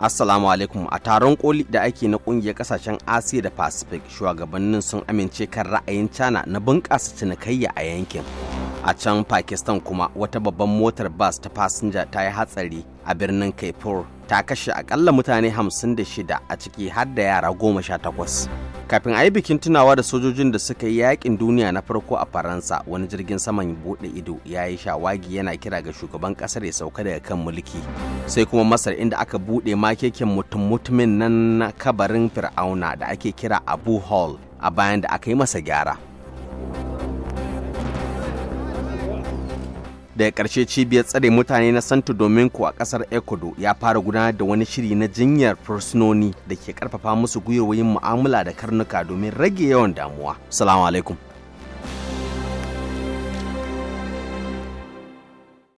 Assalamu alaikum a taron koli da ake na kungiyar kasashen Asiya da Pacific shugabannin sun amince kan ra'ayin China na bunƙasa cinikayya a yankin. A can Pakistan kuma wata babban motar bas ta fasinja ta yi hatsari a birnin Kaipur ta kashe akalla mutane 56 a ciki har da yara 18. kafin a yi bikin tunawa da sojojin da suka yi yakin duniya na farko a faransa wani jirgin saman bude ido ya yi shawagi yana kira ga shugaban kasar ya sauka daga kan mulki sai kuma masar inda aka bude makekin mutum mutumin nan na kabarin fir'auna da ake kira abu hall a bayan da aka yi masa gyara daga ƙarshe cibiyar tsare mutane na santo domingo a ƙasar ecuador ya fara gudanar da wani shiri na jinyar fursunoni da ke ƙarfafa musu gwiwa mu'amala da karnuka domin rage yawan damuwa salamu alaikum